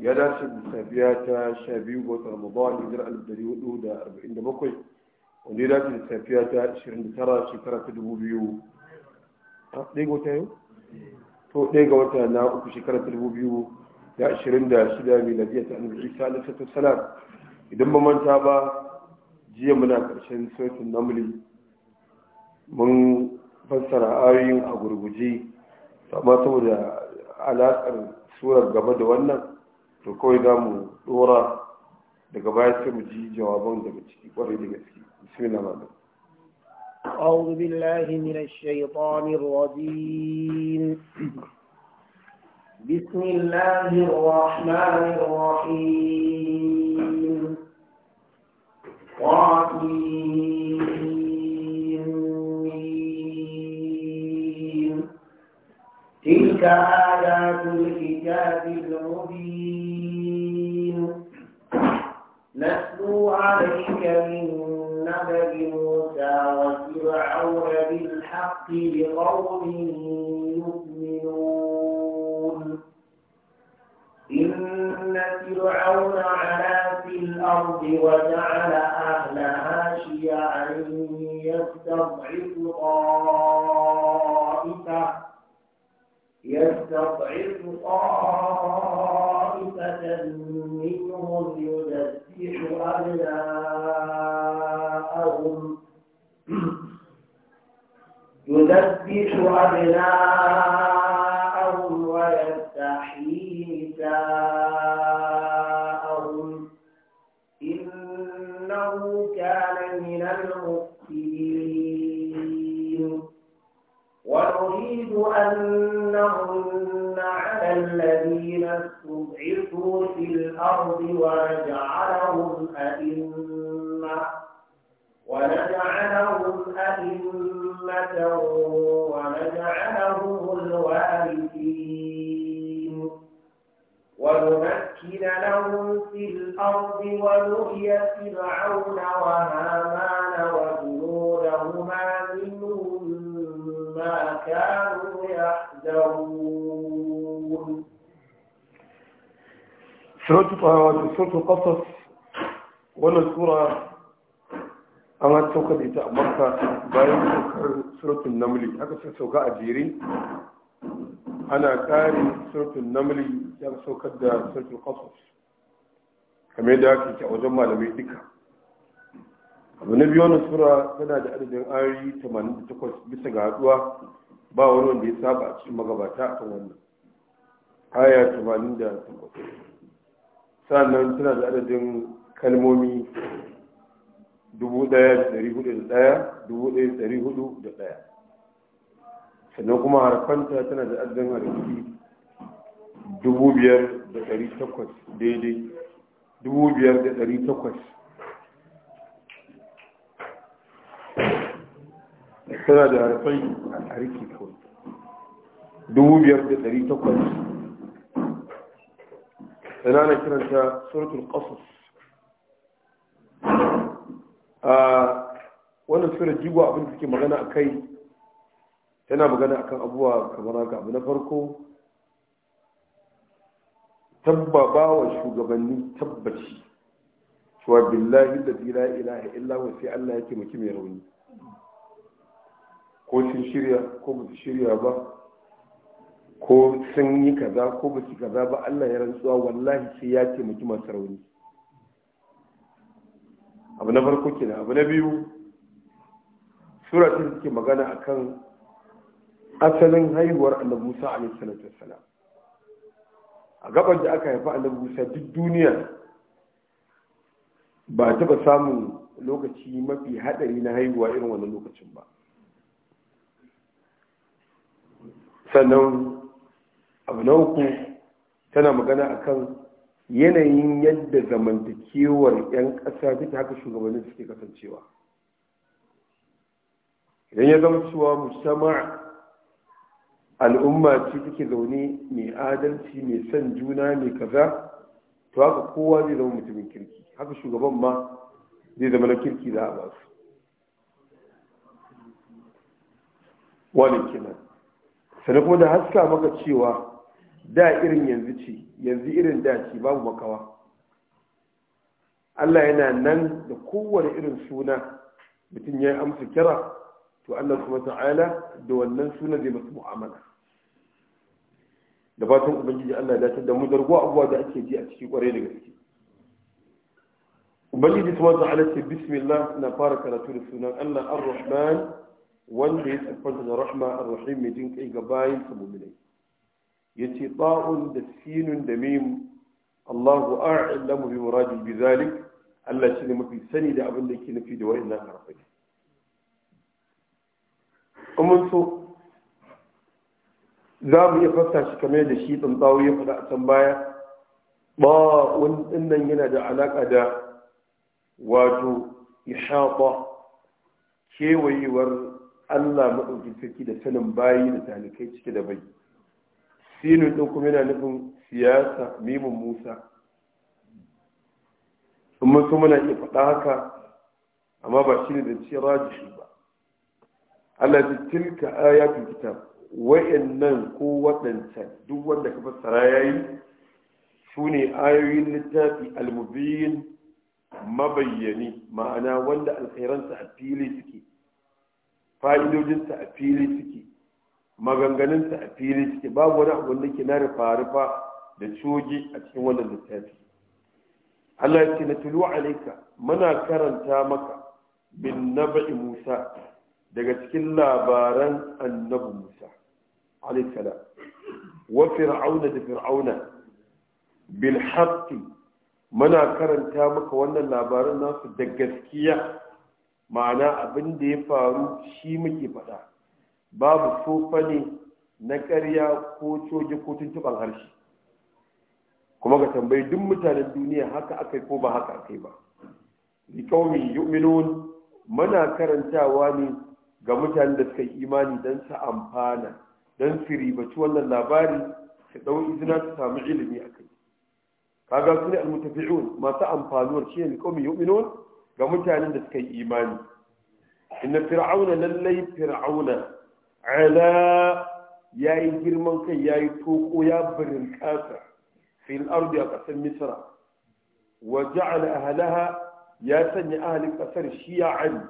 ya dace da safiya ta sha biyu ga watan ramadan hijirar alif dari hudu da arba'in da bakwai wanda ya dace da safiya ta ashirin da tara shekara ta dubu biyu A ɗaya ga wata yau to ɗaya ga wata na uku shekara ta dubu biyu da ashirin da shida miladiyya ta annabi isa alaihi salatu wasalam idan ba manta ba jiya muna ƙarshen sautin namuli mun fassara ayoyin a gurguje amma saboda alaƙar surar gaba da wannan to kawai za mu dora daga baya sai mu ji jawaban daga ciki kwarai da gaske bismillah malam أعوذ بالله من الشيطان الرجيم بسم الله الرحمن الرحيم تلك آيات الكتاب المبين نتلو عليك من نبأ موسى وفرعون بالحق لقوم يؤمنون إن فرعون علا في الأرض وجعل وتضعف طائفة منهم يذبح أبناءهم أبناءهم ويستحيي نساءهم ومنهن على الذين استضعفوا في الأرض ونجعلهم أئمة ونجعلهم أئمة ونجعلهم الوارثين ونمكن لهم في الأرض ونري فرعون وهامان وجنودهما منهم ما كانوا يفترون سورة طه سورة القصص wannan sura an an sauka da ita a makka bayan saukar suratun namli aka sai sauka a jere ana kare suratun namli ya saukar da suratun kasos kamar yadda ake a wajen malamai duka abu na biyu wannan sura tana da adadin ayoyi 88 bisa ga haduwa ba wani wanda ya saba a cikin magabata a kan wannan aya tumanin da sannan tana da adadin kalmomi dubu ɗaya da dari hudu da ɗaya dubu ɗaya da dari hudu da ɗaya sannan kuma harfanta tana da adadin harfi dubu biyar da dari takwas daidai dubu biyar da dari takwas tana da harfai a harki kawai dubu biyar da ɗari takwas yana na kiranta suratul ƙasas a wannan sura jigo abin da suke magana a kai yana magana a kan abuwa kamar haka abu na farko tabbaba wa shugabanni tabbaci cewa billahi da la ilaha illa sai Allah ya taimaki mai rauni ko sun shirya ko ba su shirya ba ko sun yi kaza ko ba su kaza ba Allah ya rantsuwa wallahi sai ya taimaki masu rauni abu na farko kenan abu na biyu surata suke magana akan asalin haihuwar annabi Musa alaihi salatu wassalam a gaban da aka haifa annabi Musa duk duniya ba taɓa samun lokaci mafi haɗari na haihuwa irin wannan lokacin ba sannan abu na uku tana magana akan yanayin yadda zamantakewar 'yan ƙasa ta haka shugabannin suke kasancewa idan ya zama cewa musamman al'umma ce take zaune mai adalci mai son juna mai kaza to haka kowa zai zama mutumin kirki haka shugaban ma zai zama na kirki za a ba su wani kinan sannan kuma da haska maka cewa da irin yanzu ce yanzu irin da ce babu makawa Allah yana nan da kowane irin suna mutum ya yi amsa kira to Allah kuma ta'ala da wannan suna zai masu mu'amala da fatan ubangiji Allah ya dace da mu dargo abuwa da ake ji a ciki kwarai da gaske ubangiji subhanahu ta'ala ce bismillah na fara karatu da sunan Allah ar-rahman wanda ya siffanta da rahma ar-rahim mai jin kai ga bayin sa mu'minai yace ta'un da sinun da mim Allahu a'lamu bi muradi bi zalik Allah ne mafi sani da abin da yake nufi da wa'annan harfai kuma so za mu iya fassa shi kamar da shi tsantsawo ya faɗa a can baya ba wani nan yana da alaƙa da wato ihata kewayewar Allah maɗauki sarki da sanin bayi da talikai cike da bai sinin ɗin kuma yana nufin siyasa mimin musa mun kuma na iya faɗa haka amma ba shi ne da ce shi ba Allah ta tilka kita wa'in nan ko waɗancan duk wanda ka fassara yayi su ne ayoyin littafi almubiyin mabayyani ma'ana wanda alkhairansa a fili suke fa'idojinsa a fili suke maganganunsa a fili suke babu wani abu da ke na rufa-rufa da coge a cikin wannan littafi Allah ya ce na tulu alaika muna karanta maka bin naba'i Musa daga cikin labaran annabi Musa alaikala wa fir'auna da fir'auna bil haqqi muna karanta maka wannan labaran nasu da gaskiya ma'ana abin da ya faru shi muke faɗa babu tsofani na karya ko coge ko tuntuɓar harshe kuma ka tambayi duk mutanen duniya haka aka yi ko ba haka aka yi ba liƙaumi yu'minun muna karantawa ne ga mutanen da suka yi imani don su amfana don su ribaci wannan labari su ɗau izina su samu ilimi a kai kaga su ne almutafi'un masu amfanuwar shi ne liƙaumi yu'minun ga mutanen da suka yi imani inna fir'auna lallai fir'auna ala yayi girman kai yayi toko ya birin kasa fil ardi a ƙasar misra wa ja'ala ahlaha ya sanya ahalin ƙasar shi'an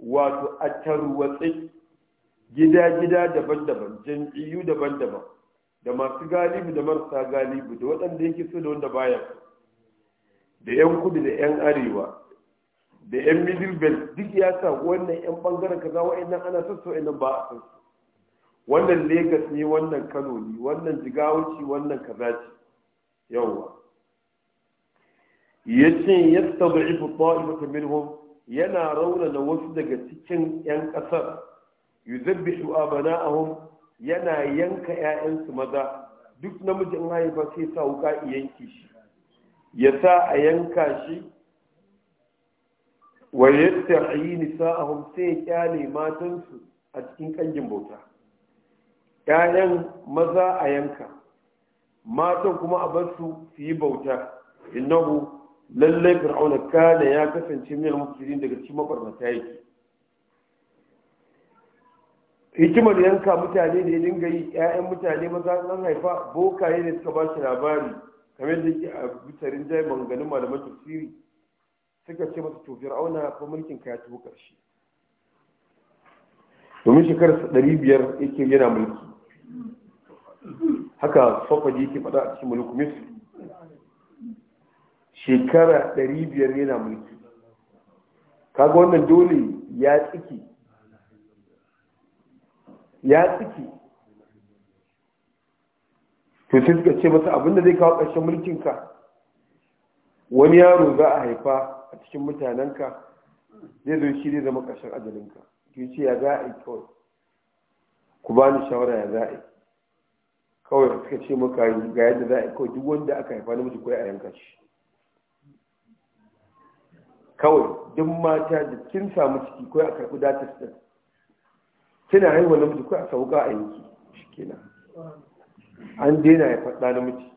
wato a tarwatsi gida-gida daban-daban jam'iyyu daban-daban da masu galibi da marasa galibi, da waɗanda yake so da wanda baya da 'yan kudu da 'yan arewa da yan middle belt duk ya sa wannan yan bangaren kaza wa'annan ana sassa wa'annan ba a su wannan Legas ne wannan Kano ne wannan Jigawa ce wannan kaza ce yawwa yace ifu ta'ifatan minhum yana raunana wasu daga cikin yan kasar a abana'ahum yana yanka 'ya'yansu maza duk namijin haifa sai sa wuka yanki shi ya sa a yanka shi wa nisa a sai kyale matansu a cikin kangin bauta ƴaƴan maza a yanka matan kuma a bar su su yi bauta innahu lallai fir'auna kana ya kasance min al daga cikin mabarnata yake hikimar yanka mutane ne ya dinga yi 'ya'yan mutane maza nan haifa bokaye ne suka ba shi labari kamar da yake a bitarin jai manganin malaman tafsiri suka ce masa to auna ko mulkin ka ya tafi karshe domin shekarar ɗari biyar yake yana mulki haka sofaji yake faɗa a cikin mulku misir shekara ɗari biyar yana mulki kaga wannan dole ya tsiki ya tsiki to sai suka ce masa abinda zai kawo ƙarshen mulkinka wani yaro za a haifa a cikin mutanenka zai zo shi zai zama ƙarshen ajalinka ki ce ya za a yi kawai ku ba ni shawara ya za a yi kawai suka ce maka ga yadda za a yi kawai duk wanda aka haifa mutu kawai a yanka shi kawai duk mata da kin samu ciki kawai a karɓi datis ɗin kina haihuwa namiji kawai a sauka a yanki shi kenan an daina faɗa ɗa mutu.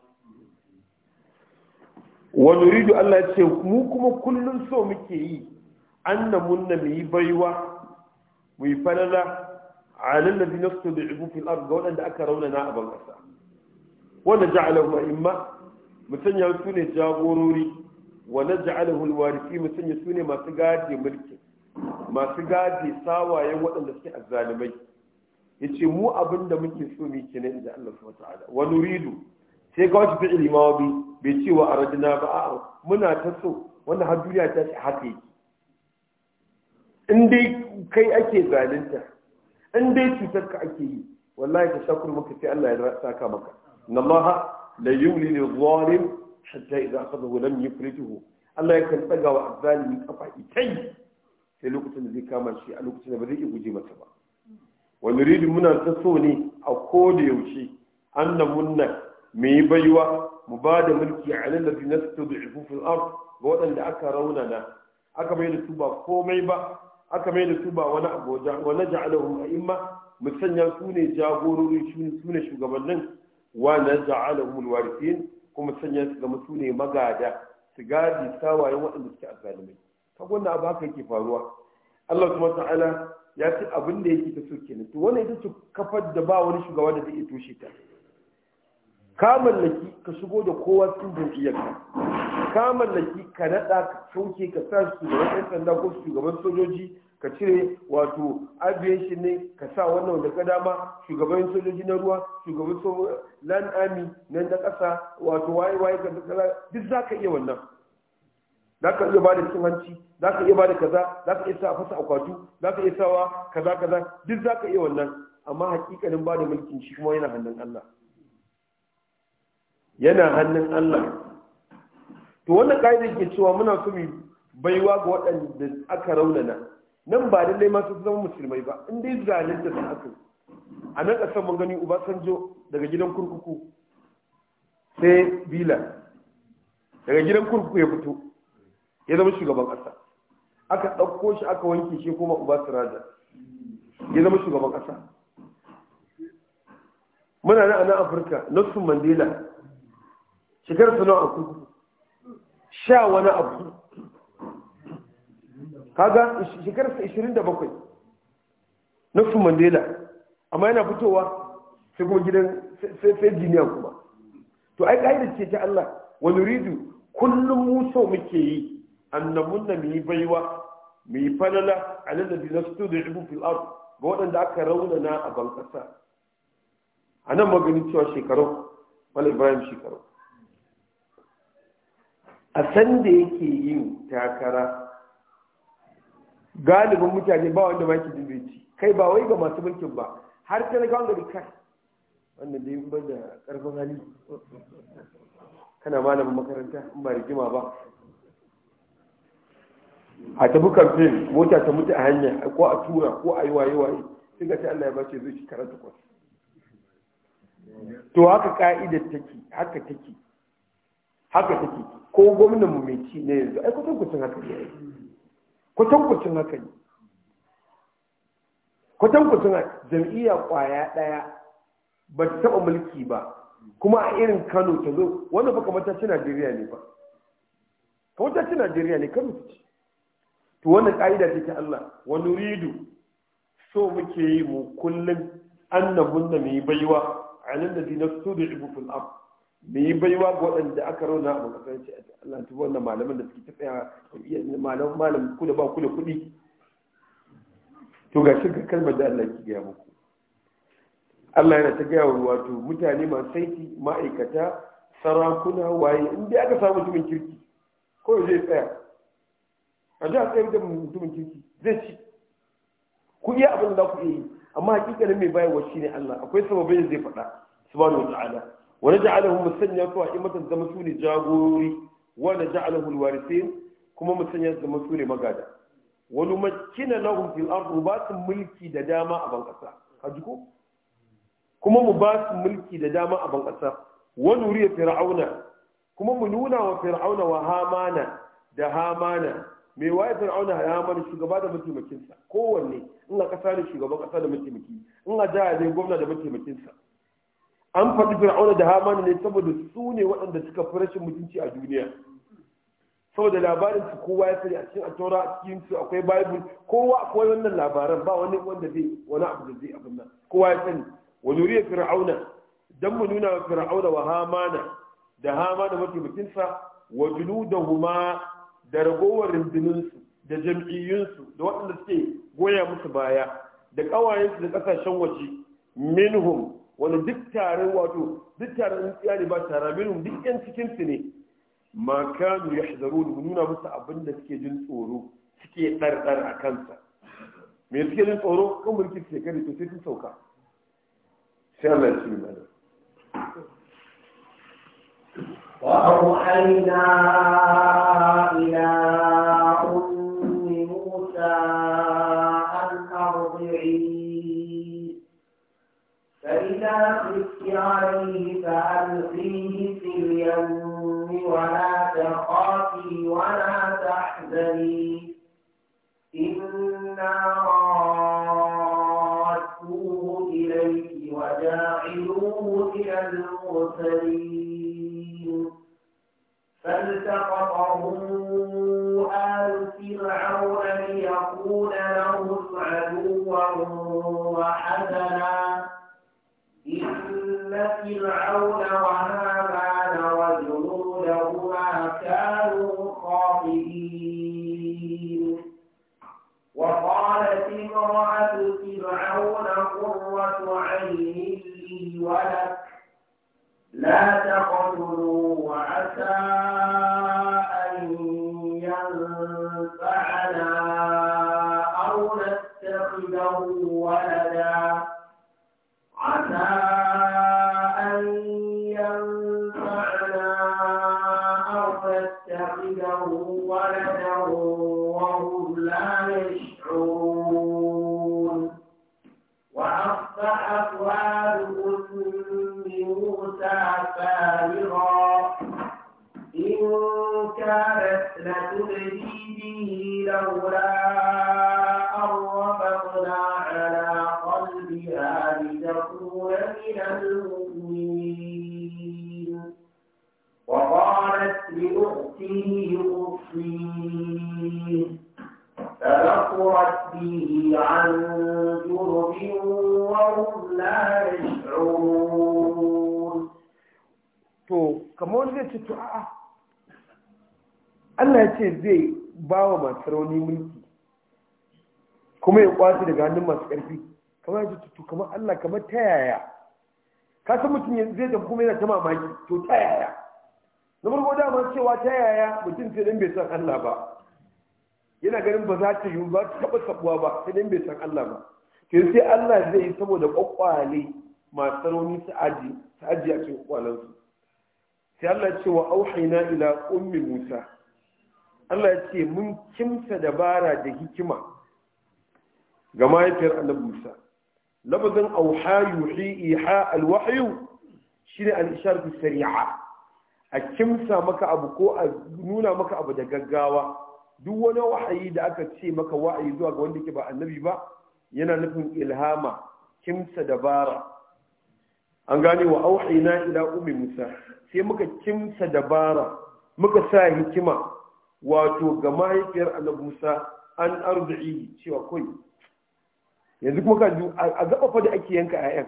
wani ridu Allah ce mu kuma kullum so muke yi an na munna mu yi baiwa mu yi falala a lallabi na su da ibufin ga waɗanda aka na a bankasa wanda ja'alahu ma'imma mu sanya su ne jagorori wanda ja'alahu alwarisi mu sanya su ne masu gadi mulki masu gadi sawaye waɗanda suke azzalimai yace mu abinda muke so mu yi kenan inda Allah subhanahu wa ta'ala wa nuridu sai ga wata fi'ili ma bai ce wa arajina ba a'a muna ta so wanda har duniya ta shi haka yake in dai kai ake zalunta in dai cutar ka ake yi wallahi ta shakur maka sai Allah ya saka maka inna Allah la yumli lil zalim hatta idza akhadahu lam yuflituhu Allah ya kan daga wa azzalimi kafa itai sai lokacin da zai kama shi a lokacin da ba zai guje masa ba wa nuridu muna ta so ne a koda yaushe annamunna mu yi baiwa mu ba da mulki a lallabi na su da ifufin ar ga waɗanda aka raunana aka mai da su ba komai ba aka mai da su ba wani abu wani ja'alahum a imma mu sanya su ne jagorori su ne shugabannin wa na ja'alahum alwarithin kuma sanya su zama su ne magada su gadi tawayen waɗanda suke azzalumai kaga wannan abu haka yake faruwa Allah subhanahu ta'ala ya ce abin da yake ta so kenan to wani ita ce kafar da ba wani shugaba da zai iya toshe ta ka mallaki ka shigo da kowa cikin jam'iyyarka ka mallaki ka naɗa ka sauke ka sa su da 'yan sanda ko shugaban sojoji ka cire wato aviation ne ka sa wannan wanda ka dama shugaban sojoji na ruwa shugaban land army nan na ƙasa wato waye waye ka duk za ka iya wannan za ka iya bada cin hanci za ka iya bada kaza za ka iya sa a fasa akwatu za ka iya sawa kaza kaza duk za ka iya wannan amma hakikalin bada mulkin shi kuma yana hannun Allah yana hannun Allah to wannan kaida ke cewa muna so mu baiwa ga waɗanda aka raunana nan ba da ma su zama musulmai ba in dai zalin da aka a nan ƙasar mun gani Obasanjo daga gidan kurkuku sai Bila daga gidan kurkuku ya fito ya zama shugaban ƙasa aka ɗauko shi aka wanke shi kuma Obasanjo ya zama shugaban ƙasa muna nan a nan Afirka Nelson Mandela shigar su a kudu sha wani abu kaga shigar su 27 nufin mandela amma yana fitowa sai kuma gidan sai jiniya kuma to ai da ce ta Allah wa nuridu kullum muso muke yi annamun na mu yi baiwa mu yi falala a nan da bi na fito da ibu fil ard ga waɗanda aka raunana a bankasa a nan maganin cewa shekaru wani ibrahim shekaru a san da yake yin takara galibin mutane ba wanda maki dubeci kai ba wai ga masu mulkin ba har ta naga wanda kai wanda da ba da karfin hali kana malamin makaranta in ba rigima ba a tafi kamfen mota ta mutu a hanya ko a tura ko a yi waye waye sai ga ta Allah ya bace zai karatu karanta kwas to haka ka'idar take haka take haka take ko gwamnan mu mai ci ne yanzu ai kusan kucin haka ne kusan kucin haka ne kusan haka jam'iyya kwaya daya ba ta taba mulki ba kuma a irin Kano ta zo wannan fa kamar ta ci Najeriya ne ba kamar ta ci Najeriya ne Kano ta ci to wannan ka'ida ce ta Allah wa nuridu so muke yi mu kullum annabun da mai baiwa anan da dinar su da fil ab me yi baiwa wa waɗanda aka rauna a makasarci a Allah ta wannan malaman da suke ta tsaya iya malam malam ku da ba ku da kuɗi to ga shi kalmar da Allah ke gaya muku Allah yana ta gaya wa wato mutane masu saiti ma'aikata sarakuna waye in dai aka samu mutumin kirki ko zai tsaya a ji a tsaye da mutumin kirki zai ci ku iya abin da ku iya yi amma hakikalin mai bayarwa shi ne Allah akwai sababai da zai faɗa subhanahu wa ta'ala wani ja'alahu musanya su a imatan zama su ne jagorori wani ja'alahu alwarisin kuma musanya su zama su ne magada wani makina lahum fil ardu ba su mulki da dama a ban kasa kaji ko kuma mu ba su mulki da dama a ban kasa wani wuri ya fir'auna kuma mu nuna wa fir'auna wa hamana da hamana mai waye fir'auna ya hamana shugaba da mataimakinsa kowanne in a kasa da shugaban kasa da mataimaki in a jihar ne gwamna da mataimakinsa an faɗi fir'auna da hamana ne saboda su ne waɗanda suka fi rashin mutunci a duniya saboda labarin su kowa ya sani a cikin atora a cikin su akwai bible kowa akwai wannan labaran ba wani wanda zai wani abu da zai abin nan kowa ya sani wa nuriya fir'auna dan mu nuna wa fir'auna wa hamana da hamana mataimakin sa wa junudahuma da ragowar rundunin da jam'iyyun da waɗanda suke goya musu baya da ƙawayensu da kasashen waje minhum wani duk taron wato duk taron tsiya ne ba tara minhum duk yan cikin su ne ma kanu yahzarun nuna musu abin da suke jin tsoro suke dardar a kansa me suke jin tsoro kan mulki suke kare to sai sun sauka sai Allah ya ci mana وأوحينا إلى فألقيه في اليم ولا تخافي ولا تحزني إنا رادوه إليك وجاعلوه إلى المرسلين فالتقطه آل فرعون ليكون لهم عدوا وحزنا فرعون وهامان وجنودهما كانوا خاطئين وقالت امرأة فرعون قرة عين لي ولك لا تقتلوا rauni mulki kuma ya kwace daga hannun masu ƙarfi kamar yadda tutu kamar Allah kamar ta yaya ka san mutum yanzu zai da kuma yana ta mamaki to ta yaya na farko dama cewa ta yaya mutum sai dan bai san Allah ba yana ganin ba za ta yi ba ta taɓa sabuwa ba sai dan bai san Allah ba to sai Allah zai yi saboda kwakwale masu rauni su aji a cikin kwalansu sai Allah ce wa auhaina ila ummi Musa Allah ya ce mun kimsa dabara da hikima ga mahaifiyar annabi Musa lafazin auha yuhi iha alwahyu shine al-ishar sari'a a kimsa maka abu ko a nuna maka abu da gaggawa duk wani wahayi da aka ce maka wa'ayi zuwa ga wanda ke ba annabi ba yana nufin ilhama kimsa dabara an gane wa auhina ila ummi musa sai muka kimsa dabara muka sa hikima wato ga mahaifiyar annabi Musa an arzuci cewa koi yanzu kuma kan a gaba fa da ake yanka ayyan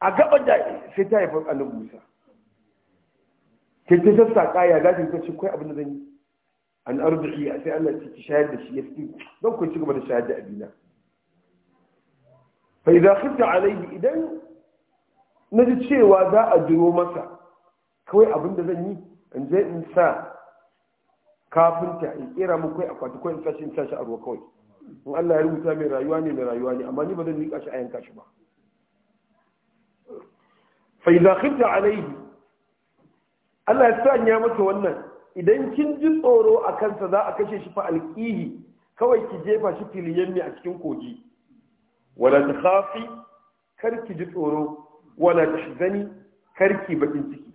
a gaba da sai ta haifar annabi Musa sai ta sassaka ya gashi ta ce koi abin da zan yi an arzuci sai Allah ya ci shayar da shi ya fi don ku ci gaba da shayar da abina fa idza khifta alayhi idan naji cewa za a jiro masa kawai abin da zan yi in je in sa kafinta in kera mu kai akwati ko in tashi tashi a ruwa kawai in Allah ya rubuta mai rayuwa ne mai rayuwa ne amma ni ba zan yi kashi a yanka shi ba fa idza khifta alayhi Allah ya sanya maka wannan idan kin ji tsoro a kansa za a kashe shi fa alqihi kawai ki jefa shi filiyan ne a cikin koji wala takhafi kar ki ji tsoro wala tahzani kar ki bakin ciki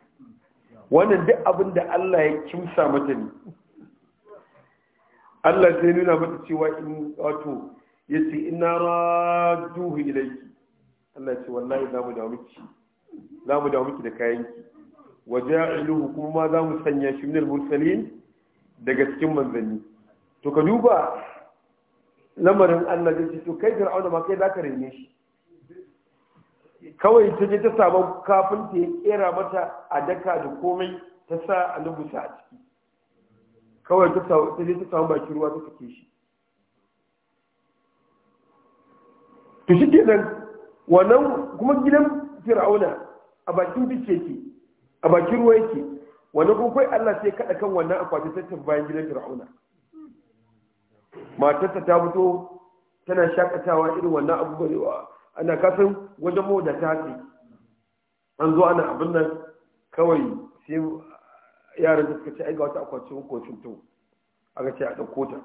wannan duk abin da Allah ya kimsa mata ne Allah sai nuna mata cewa in wato ya ce ina raduhu ilaiki Allah ce wallahi za mu miki da miki da kayanki waje iluhu kuma ma zamu sanya shi minal mursalin daga cikin manzanni to ka duba lamarin Allah da ce to kai fir'auna ma kai za ka rene shi kawai ta je ta samu kafin ta ya kera mata a daka da komai ta sa a a ciki kawai ta samu baki ruwa ta sake shi to shi ke nan wannan kuma gidan fir'auna a bakin bice ce, a bakin ruwa yake wannan kuma kai Allah sai kada kan wannan akwatin tattar bayan gidan fir'auna matarsa ta fito tana shakatawa irin wannan abubuwa ana kasan wajen mawadata ce an zo ana abin nan kawai sai yaran da suka ce ai ga wata akwatin ko to aka ce a ɗauko ta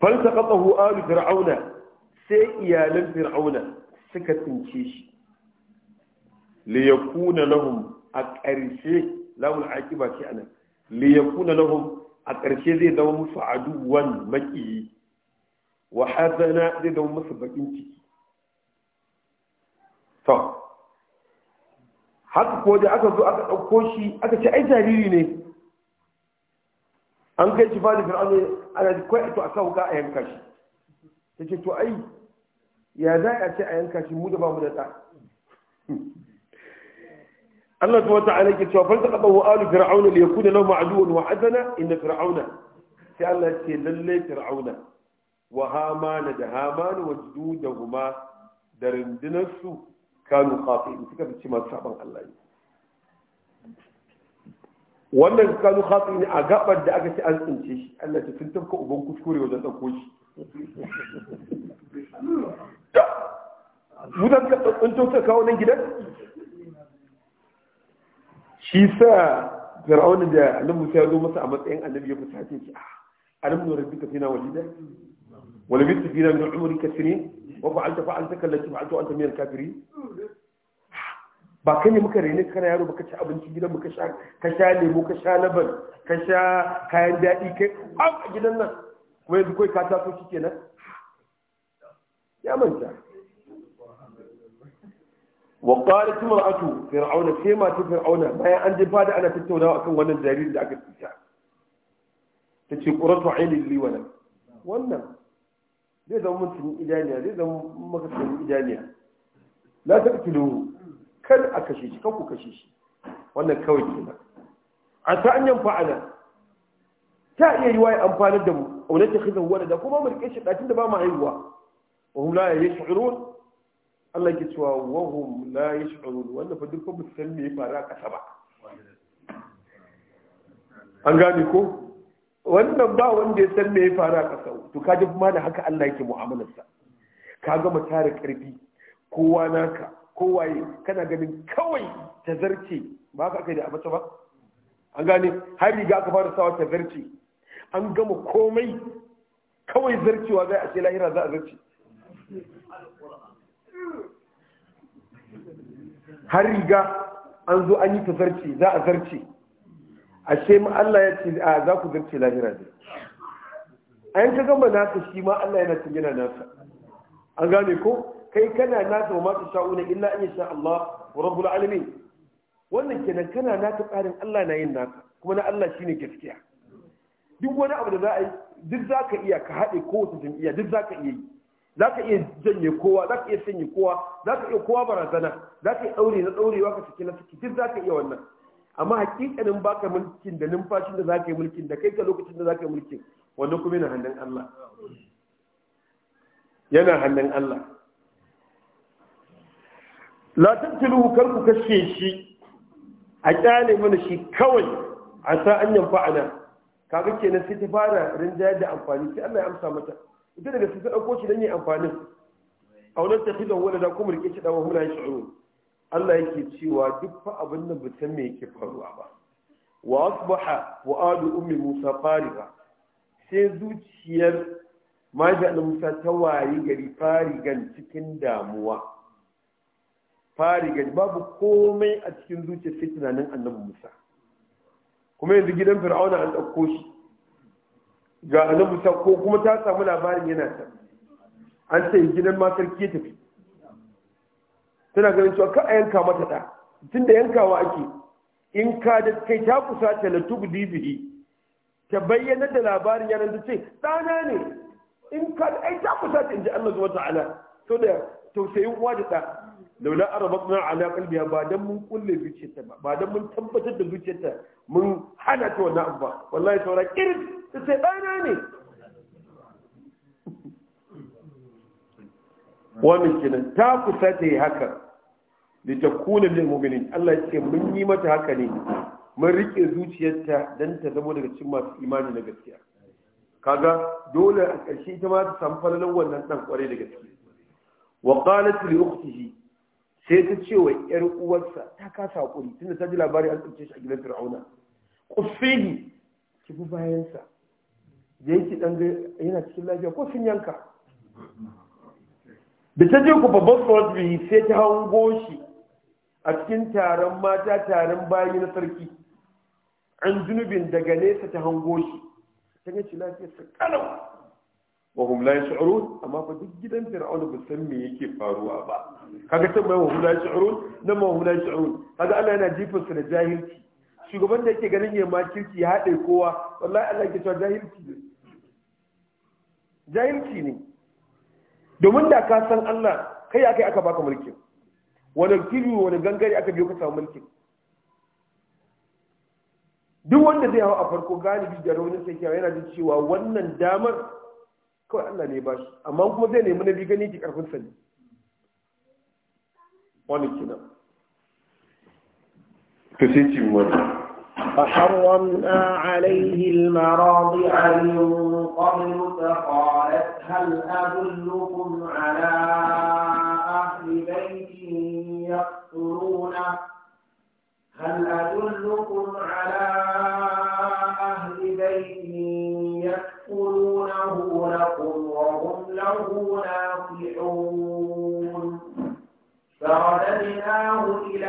falsaqatahu alu fir'auna sai iyalin fir'auna suka tsince shi li kuna lahun a ƙarshe lamun akiba ce ana li kuna lahun a ƙarshe zai zama musu aduwan maƙiyi wa hazana zai zama musu bakin ciki haka ko da aka zo aka ɗauko shi aka ce ai jariri ne an kai shi ba da fir'aunu ana da kwai to a sa wuka a yanka shi ta ce to ai ya za a ce a yanka shi mu da ba mu da ta. Allah ta wata ala ke cewa falta kaɗa wa wa'alu fir'auna da ya kuna lau ma'aduwan wa inda fir'auna sai Allah ce lalle fir'auna wa hamana da hamana wa judu da huma da rundunarsu kanu khati'in suka fice masu saban Allah ne wannan kanu ne a gabar da aka ci an tsince shi Allah ta sun tafka uban kuskure wajen ɗauko shi mutan ka tsinto ka kawo nan gidan shi sa fir'auna da annabi Musa ya zo masa a matsayin annabi ya fusace shi ah, a annabi rabbika fina walida wala bisu bina min umri kasirin wa fa'alta fa'alta kallati fa'altu anta min al-kafirin ba kai ne muka rene kana yaro baka ci abinci gidan muka sha ka sha lemo ka sha laban ka sha kayan daɗi kai a gidan nan kuma yanzu kai ka taso shi kenan ya manta wa qalat mar'atu fir'auna sai ma ta fir'auna bayan an je fada ana tattaunawa akan wannan jaririn da aka tsita ta ce qurratu ainin li wannan zai zama mutum idaniya zai zama makasarin idaniya Na ta kilo kan a kashe shi kan ku kashe shi wannan kawai kenan a ta an yamfa ana ta iya yi wa ya amfani da mu a wani cikin da wani da kuma mulke shi ɗakin da ba mu haihuwa wa hum la ya yi shi'irun Allah ke cewa wa hum la ya shi'irun wannan fa duk ba mu san me ya faru a ƙasa ba an gane ko wannan ba wanda ya san me ya faru a ƙasa to kaji kuma da haka Allah yake mu'amalarsa ka gama mutare karfi kowa naka kowa kana ganin kawai ta zarce ba ka kai da abata ba an gane har riga aka fara sawa ta zarce an gama komai kawai zarcewa zai a ce lahira za a zarce har riga an zo an yi ta zarce za a zarce ashe ma Allah ya ce a za ku zarce lahira ne a yanka gama nasa shi ma Allah yana cin yana nasa an gane ko kai kana nasa wa masu sha'una illa an sha Allah wa rabbul alamin wannan kenan kana nasa tsarin Allah na yin naka kuma na Allah shine gaskiya duk wani abu da za a yi duk za ka iya ka haɗe kowace jam'iyya duk za ka iya yi za ka iya janye kowa za ka iya sanye kowa za ka iya kowa barazana za ka iya ɗaure na ɗaurewa ka saki na saki duk za ka iya wannan amma hakikanin baka mulkin da numfashin da zaka yi mulkin da kai ka lokacin da zaka yi mulkin wannan kuma yana hannun Allah yana hannun Allah la tabtiluhu kar ku kashe shi a kyale mana shi kawai a sa an yamfa ana kaga kenan sai ta fara rinjayar da amfani sai Allah ya amsa mata ita daga sai ta dauko shi dan yi amfanin a wannan tafidan wanda da kuma rike shi da wahala ya shi'uru Allah yake cewa duk fa abin da mutum me yake faruwa ba wa asbaha wa adu ummi musa fariga sai zuciyar maji musa ta wayi gari farigan cikin damuwa farigan babu komai a cikin zuciyar sai tunanin annabi musa kuma yanzu gidan fir'auna an ɗauko shi ga annabi musa ko kuma ta samu labarin yana ta an sai gidan masarki ya tafi suna ganin cewa ka a yanka mata ɗa tun da yankawa ake in ka da kai ta kusa ta latubu dvd ta bayyana da labarin yanar da ce ɗana ne in ka da ai ta kusa ta in ji allah zuwa ta'ala to da tausayin uwa da ɗa laula arabatna ala qalbiha ba dan mun kulle zuciyarta ba ba dan mun tabbatar da zuciyarta mun hana ta wannan abu ba wallahi saura kirin ta ce ɗana ne wannan kenan ta kusa ta yi hakan. da takuna lil mu'minin Allah ya ce mun yi mata haka ne mun rike zuciyarta dan ta zama daga cikin masu imani na gaskiya kaga dole a ƙarshe ita ma ta samu falalan wannan dan kware da ciki. wa qalat li ukhtihi sai ta ce wa yar uwarsa ta kasa hakuri tunda ta ji labari an tsince shi a gidan fir'auna quffihi ki bayan bayansa yanki dan yana cikin lafiya ko sun yanka da ta je ku babban sai ta hango shi a cikin taron mata taron bayi na sarki an zunubin daga nesa ta hango shi ta ganci lafiyar ta kalau wa hum ya shi'aru amma fa duk gidan fir'auna ba san me yake faruwa ba kaga ta mai wa ya la yash'urun nan ma hum ya shi'aru kaga Allah yana jifin su da jahilci shugaban da yake ganin ya kirki ya haɗe kowa wallahi Allah ya cewa jahilci ne jahilci ne domin da ka san Allah kai akai aka baka mulkin wani kiri wani gangare aka biyo ka samu mulkin duk wanda zai hau a farko galibi da raunin sai kyawa yana jin cewa wannan damar kawai Allah ne ba shi amma kuma zai nemi na bi gani ki karfin sani wani kina Ka sai ci wani فحرمنا عليه المراضع من قبل فقالت هل أدلكم على هل أدلكم على أهل بيت يكفلونه لكم وهم له ناصحون فرددناه إلى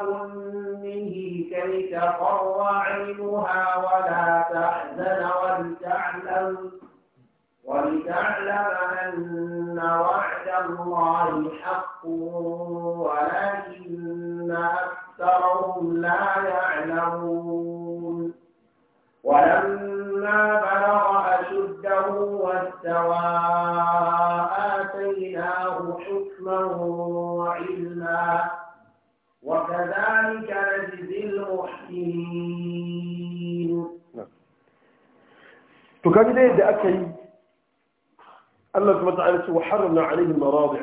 أمه كي تقر عينها ولا تحزن ولتعلم ولتعلم أن وعد الله حق ولكن أكثر أكثرهم لا يعلمون ولما بلغ أشده واستوى آتيناه حكما وعلما وكذلك نجزي المحسنين تكاد لي أكي الله سبحانه وتعالى وحرمنا عليه المراضع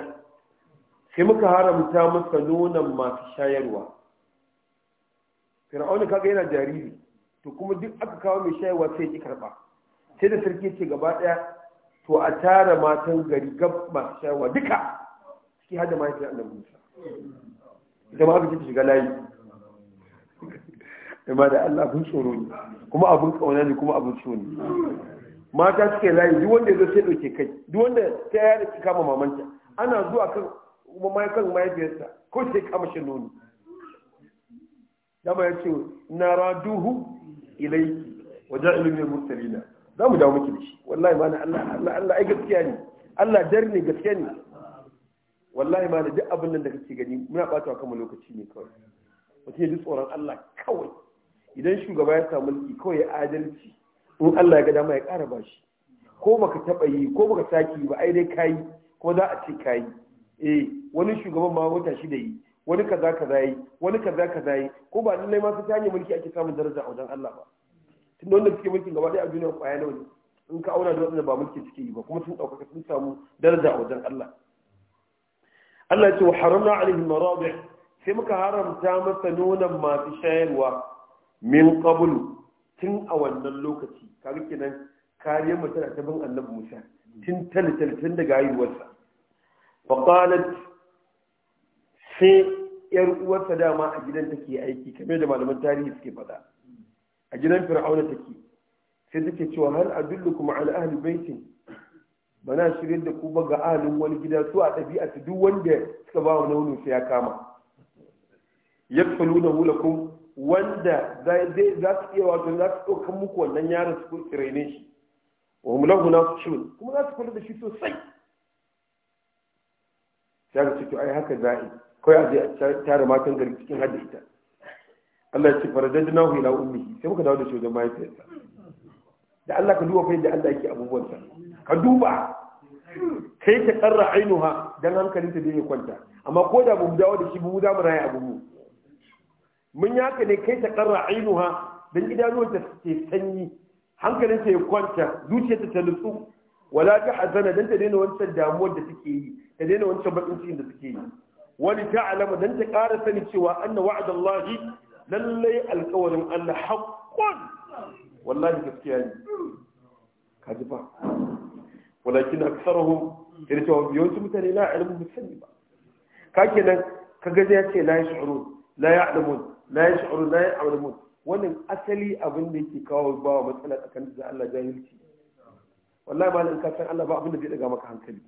في مكهرة متامسة دون ما تشايرها fir'auna kaga yana jariri to kuma duk aka kawo mai shayarwa sai ki karba sai da sarki ce gaba daya to a tara matan gari gab masu shayarwa duka ciki har da Allah ya Musa idan ma aka ce ta shiga layi amma da Allah abun tsoro ne kuma abun kauna ne kuma abun tsoro ne mata suke layi duk wanda ya zo sai dauke kai duk wanda ta yara ki kama mamanta ana zuwa kan kuma kan biyarsa ko sai kama shi nono dama ya ce na raduhu ilaiki wajen ilimin mursalina za mu dawo miki da shi wallahi ma na Allah Allah ai gaskiya ne Allah jar ne gaskiya ne wallahi ma na duk abin nan da kake gani muna ɓata wa kama lokaci ne kawai mutum ya ji tsoron Allah kawai idan shugaba ya samu mulki kawai ya adalci in Allah ya ga dama ya ƙara bashi ko baka taɓa yi ko baka saki ba ai dai kayi ko za a ce kayi eh wani shugaban ma wata shi da yi wani kaza kaza yi wani kaza kaza yi ko ba lallai ma sai ta mulki ake samun daraja a wajen Allah ba tunda wanda suke mulkin gaba ɗaya a duniya kwaya nawa ne in ka auna da waɗanda ba mulki suke yi ba kuma sun ɗaukaka sun samu daraja a wajen Allah Allah ya ce wa haramna alaihim marabi sai muka haramta masa nonon masu shayarwa min qablu tun a wannan lokaci kaga kenan kariyar mu tana ta bin annabi Musa tun talital tun daga haihuwarsa faqalat sai yar uwarsa dama a gidan take aiki kamar da malaman tarihi suke faɗa a gidan fir'auna take sai take cewa hal adullukum ala ahli baitin bana shirin da ku ga ahalin wani gida su a ɗabi'a su duk wanda suka ba wa launin sai ya kama yadkhuluna lakum wanda zai za su iya wato za su ɗaukan muku wannan yaron su kurkure shi wa hum lahu nasihun kuma za su kula da shi sosai sai ka ce ai haka za'i kawai a je a tara matan gari cikin hada ita Allah ya ce faradar na ila ummi sai muka dawo da shi wajen mahaifiyarsa da Allah ka duba fa yadda Allah yake abubuwansa ka duba kai ta karra ainuha dan hankalin ta bai kwanta amma ko da mu dawo da shi mu za mu raye abu mu mun yaka ne kai ta karra ainuha dan idanuwan ta ce sanyi hankalin ta ya kwanta zuciyar ta nutsu wala ta hazana dan ta daina wancan damuwar da take yi ta daina wancan bakin cikin da take yi wani ta alama dan ta ƙara sani cewa anna wa'adallahi lallai alkawarin Allah haqqun wallahi gaskiya ne kaji ba walakin aktsaruhum yana cewa yawancin mutane la ilmu musani ba ka ke nan ka gaza ya ce la yash'urun la ya'lamun la yash'urun la ya'lamun wannan asali abin da yake kawo ba wa matsala tsakanin da Allah jahilci wallahi malam ka san Allah ba abin da zai daga maka hankali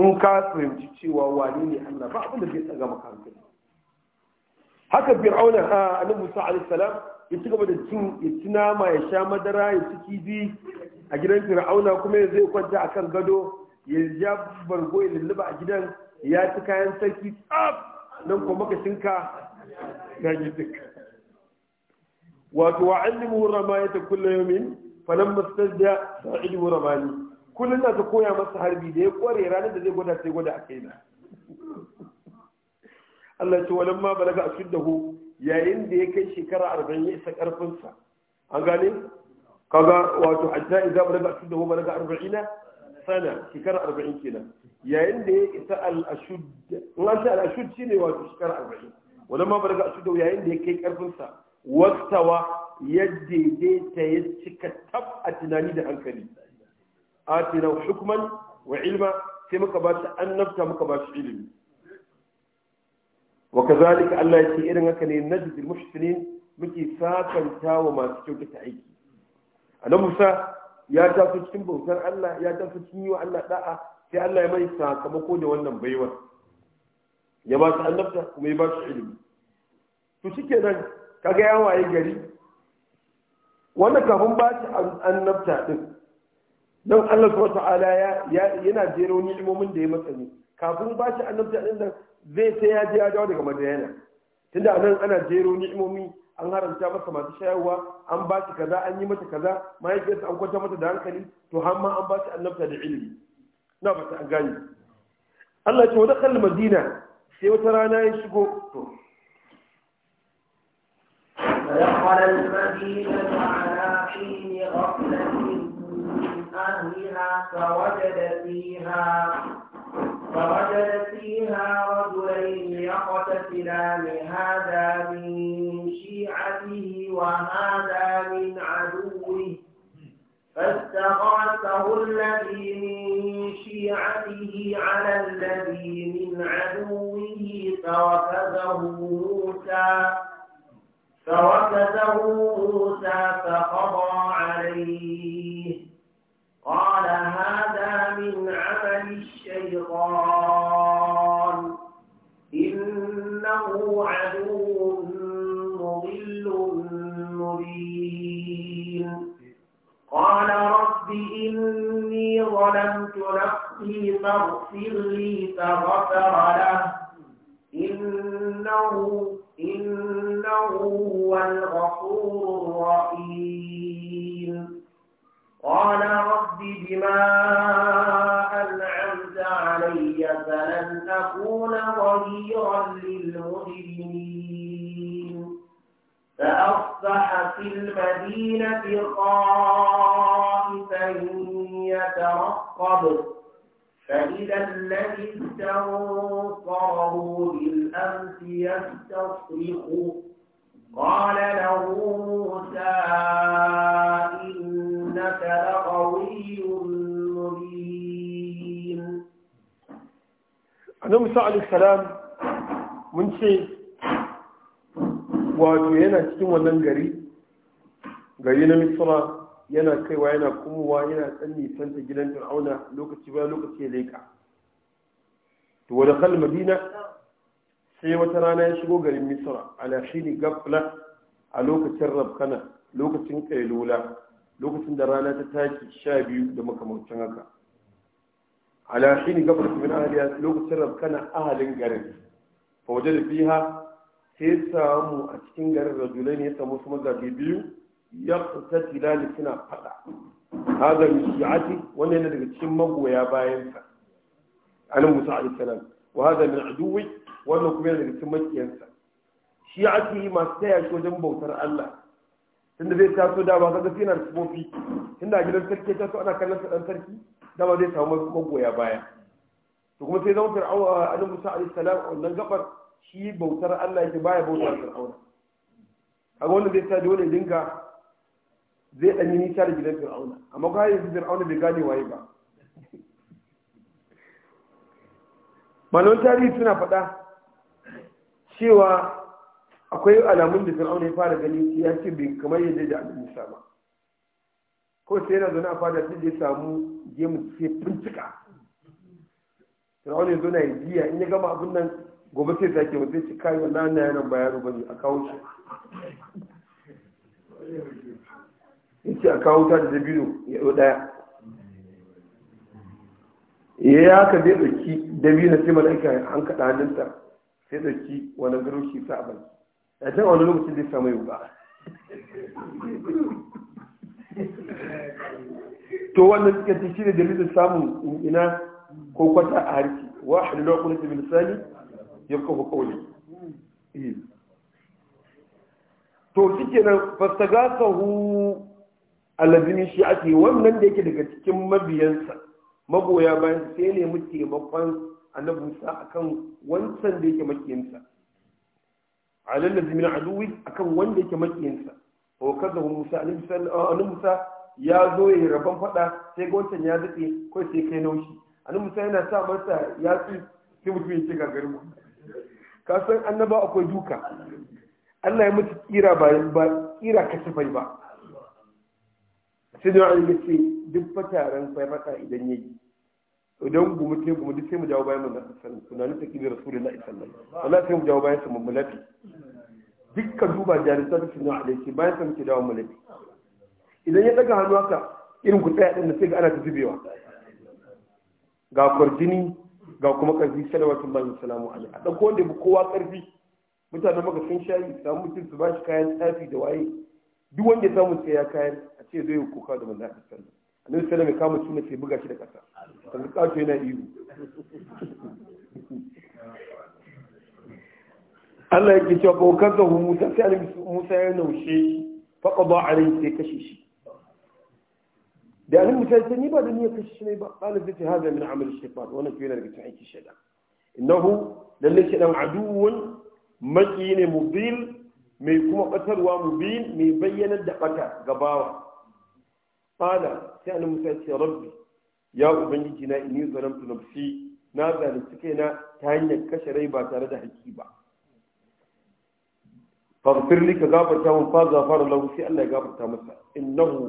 in ka fahimci cewa wani ne Allah ba abin da zai tsaga maka hankali haka fir'auna a annabi Musa alaihi salam ya ci gaba da cin ya ya sha madara ya ci kifi a gidan fir'auna kuma ya zai kwanta akan gado ya ja bargo ya lulluba a gidan ya ci kayan sarki tsaf nan kuma makashinka ya ji duk wato wa allimu ramayata kullu yawmin falamma stajda sa'idu ramani kullum na ta koya masa harbi da ya kware ranar da zai gwada sai gwada a kaina Allah ce walan ma balaga ashuddahu yayin da ya kai shekara arba'in ya isa karfinsa an gane kaga wato hatta idza balaga ashuddahu balaga arba'ina sana shekara arba'in kenan yayin da ya isa al-ashud in an ce al-ashud shine wato shekara arba'in walan ma balaga ashuddahu yayin da ya kai karfinsa wastawa ya daidaita ya cika tab a tunani da hankali atina hukman wa ilma sai muka ba shi annabta muka ba shi ilimi wa kazalika Allah yake irin haka ne najdil muhsinin muke sakanta wa masu kyautata aiki annabi Musa ya taso cikin bautar Allah ya taso cikin yiwa Allah da'a sai Allah ya mai sakamako da wannan baiwar ya ba shi annabta kuma ya ba shi ilimi to shikenan kaga ya waye gari wannan kafin ba shi annabta din nan Allah wata ala ya yana jero ni'imomin da ya masa ne kafin ba shi annabta din nan zai sai ya je ya dawo daga Madina tunda nan ana jero ni'imomi an haramta masa masu shayarwa an ba shi kaza an yi mata kaza mahaifiyarsa an kwanta mata da hankali to har ma an ba shi annabta da ilimi na ba an gani Allah ce wata kallon Madina sai wata rana ya shigo to فدخل المدينة على حين غفلة فوجد فيها فوجد فيها رجلين يقتتلان هذا من شيعته وهذا من عدوه فاستغاثه الذي من شيعته على الذي من عدوه فركزه موسى فركزه موسى فقضى عليه قال من عمل الشيطان إنه عدو مضل مبين قال رب إني ظلمت نفسي فاغفر لي فغفر له إنه إنه هو الغفور الرحيم قال رب بما أن أكون ظهيرا للمجرمين فأصبح في المدينة خائفا يترقب فإذا الذي استنصره بالأمس يستصرخ قال له موسى إنك لقوي annabi sallallahu salam mun ce wato yana cikin wannan gari gari na misra yana kaiwa yana kumuwa yana nisan nisanta gidan fir'auna lokaci bayan lokaci ya leka to wa dakhal madina sai wata rana ya shigo garin misra ala ne gafla a lokacin rabkana lokacin kailula lokacin da rana ta taki sha biyu da makamancin haka ala shine gabar min ahliya lokacin rabkana ahalin garin fa wajen fiha sai samu a cikin garin rajulai ne ya samu su mazabi biyu ya fita tilali suna fada hada mishi'ati wannan yana daga cikin magoya bayansa an musa salam wa hada min aduwi wannan kuma yana daga cikin makiyansa shi'ati masu taya shi wajen bautar Allah tunda zai taso da ba ga gaskiya na sifofi a gidan sarki ta ana kallon sa dan sarki dama zai samu magoya baya to kuma sai zama fir'auna a annabi Musa alayhi salam wannan gabar shi bautar Allah yake baya bautar fir'auna kaga wannan zai sa dole dinka zai dan yi nisa gidan fir'auna amma ko yanzu fir'auna bai gane waye ba malon tarihi suna faɗa cewa akwai alamun da fir'auna ya fara gani ya ce bai kamar yadda da annabi Musa ba ko sai yana zaune a fada sai ya samu gemu sai bincika fir'aun ya zauna ya jiya in ya gama abin nan gobe sai sake wa zai ci kai wannan yana yanan ba ne a kawo shi yace a kawo ta da dabino ya ɗo ɗaya ya yi haka zai tsaki dabino sai mala'ika an kaɗa hannunta sai tsaki wani garoshi sa a baki a can wani lokaci zai samu yau ba to wannan suka ce shi ne dalilin samun ina ko kwata a harki wa halilu kuma ta misali ya kafa kawai? to shi ke nan A alazini shi ake wannan da yake daga cikin mabiyansa magoya bayan sai ne muke makon annabi a akan wancan da yake makiyinsa alal ladzi min a akan wanda yake makiyinsa o kaza musa annabi musa ya zo ya rabon fada sai ga wancan ya daɗe ko sai kai naushi annabi musa yana sa masa yatsu sai mutum ya ce gagarin ka san annaba akwai duka Allah ya mutu kira bayan ba kira kasafai ba sai da wani ce duk fataren sai fata idan yayi idan gumu te gumu duk sai mu jawo bayan mu na sanin tunanin ta kibir rasulullahi sallallahu alaihi wasallam wallahi sai mu jawo bayan su mu mulafi dukkan duba jarisar su a alaiki bayan san ke dawo mulki idan ya daga hannu haka irin ku tsaya din sai ga ana ta zubewa ga kwarjini ga kuma karfi salawatu lillahi salamu alaihi a dauko wanda bi kowa karfi mutanen maka sun shayi samu mutum su bashi kayan tsafi da waye duk wanda ya samu sai ya kayan a ce zai kuka da manzo a sallallahu alaihi wasallam mai kama suna sai buga shi da kasa kaga kato yana iyo Allah yake cewa ko kaza hu Musa sai Annabi Musa ya naushe shi fa qada sai kashe shi da Annabi Musa sai ni ba da niyyar kashe shi ne ba qala zati hada min amal shaytan wannan ke kuma daga cikin aikin shaytan innahu lalle dan aduwwun maki ne mubil mai kuma batarwa mubil mai bayyanar da bata gabawa qala sai Annabi Musa ya ce rabbi ya ubangiji na inni zalamtu nafsi na zalunci kaina ta hanyar kashe rai ba tare da hakki ba faghfir li ka gafarta mun fa zafara lahu sai Allah ya gafarta masa innahu